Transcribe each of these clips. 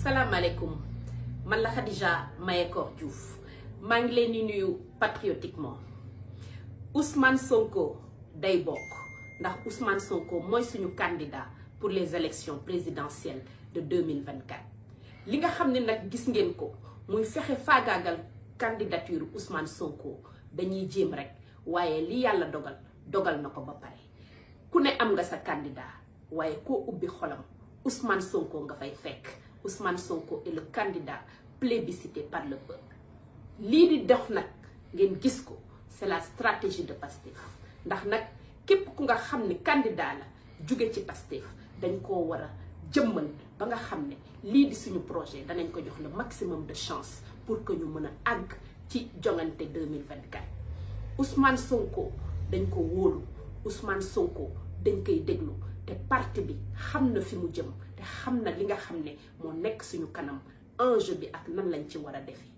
salaamaaleykum man la maye ko Diouf maa ngi leen di nuyu patriotiquement Ousmane Sonko day bokk ndax Ousmane Sonko mooy suñu candidat pour les élections présidentielles de 2024 li nga xam ne nag gis ngeen ko muy fexe faagaagal candidature Ousmane Sonko dañuy jéem rek waaye li yàlla dogal dogal na ko ba pare ku ne am nga sa candidat waaye koo ubbi xolam Ousmane Sonko nga fay fekk Ousmane Sonko est le candidat par le peuple di dox nag ngeen gis ko c'est la stratégie de Pastef ndax nag képp ku nga xam ne candidat la jóge ci Pastef dañ koo war a jëmmal ba nga xam ne lii di suñu projet danañ ko jox le maximum de chance pour que ñu mën a àgg ci jongante 2024 Ousmane Sonko dañ ko wóolu Ousmane Sonko dañ koy déglu te parti bi xam na fi mu jëm xam na li nga xam ne moo nekk suñu kanam enjeu bi ak nan lañ ci war a defee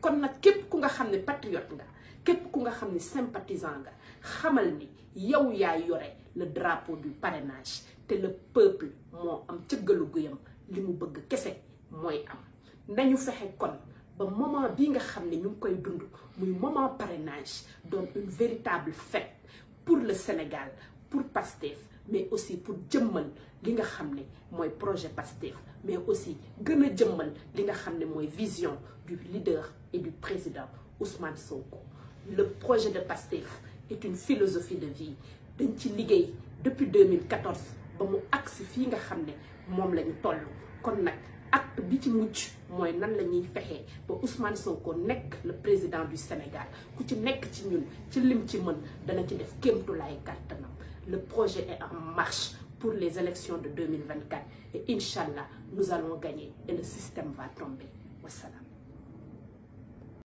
kon nag képp ku nga xam ne patriote nga képp ku nga xam ne sympathisant nga xamal ni yow yaa yore le drapeau du parenage te le peuple moo am cëggalu guyam li mu bëgg kese mooy am nañu fexe kon ba moment bii nga xam ne ñu ngi koy dund muy moment parrainage doon une véritable fête pour le Sénégal pour Pastef mais aussi pour jëmmal li nga xam ne mooy projet Pastef mais aussi gën a jëmmal li nga xam ne mooy vision du leader et du président Ousmane Sonko le projet de Pastef est une philosophie de vie dañ ci liggéey depuis 2014 ba mu agsi fii nga xam ne moom la ñu toll kon nag acte bi ci mucc mooy nan la ñuy fexee ba Ousmane Sonko nekk le président du Sénégal ku ci nekk ci ñun ci lim ci mën dana ci def kéemtulaay kàttanam le projet est en marche pour les élections de 2024. Et Inch'Allah, nous allons gagner et le système va tomber. Wassalam.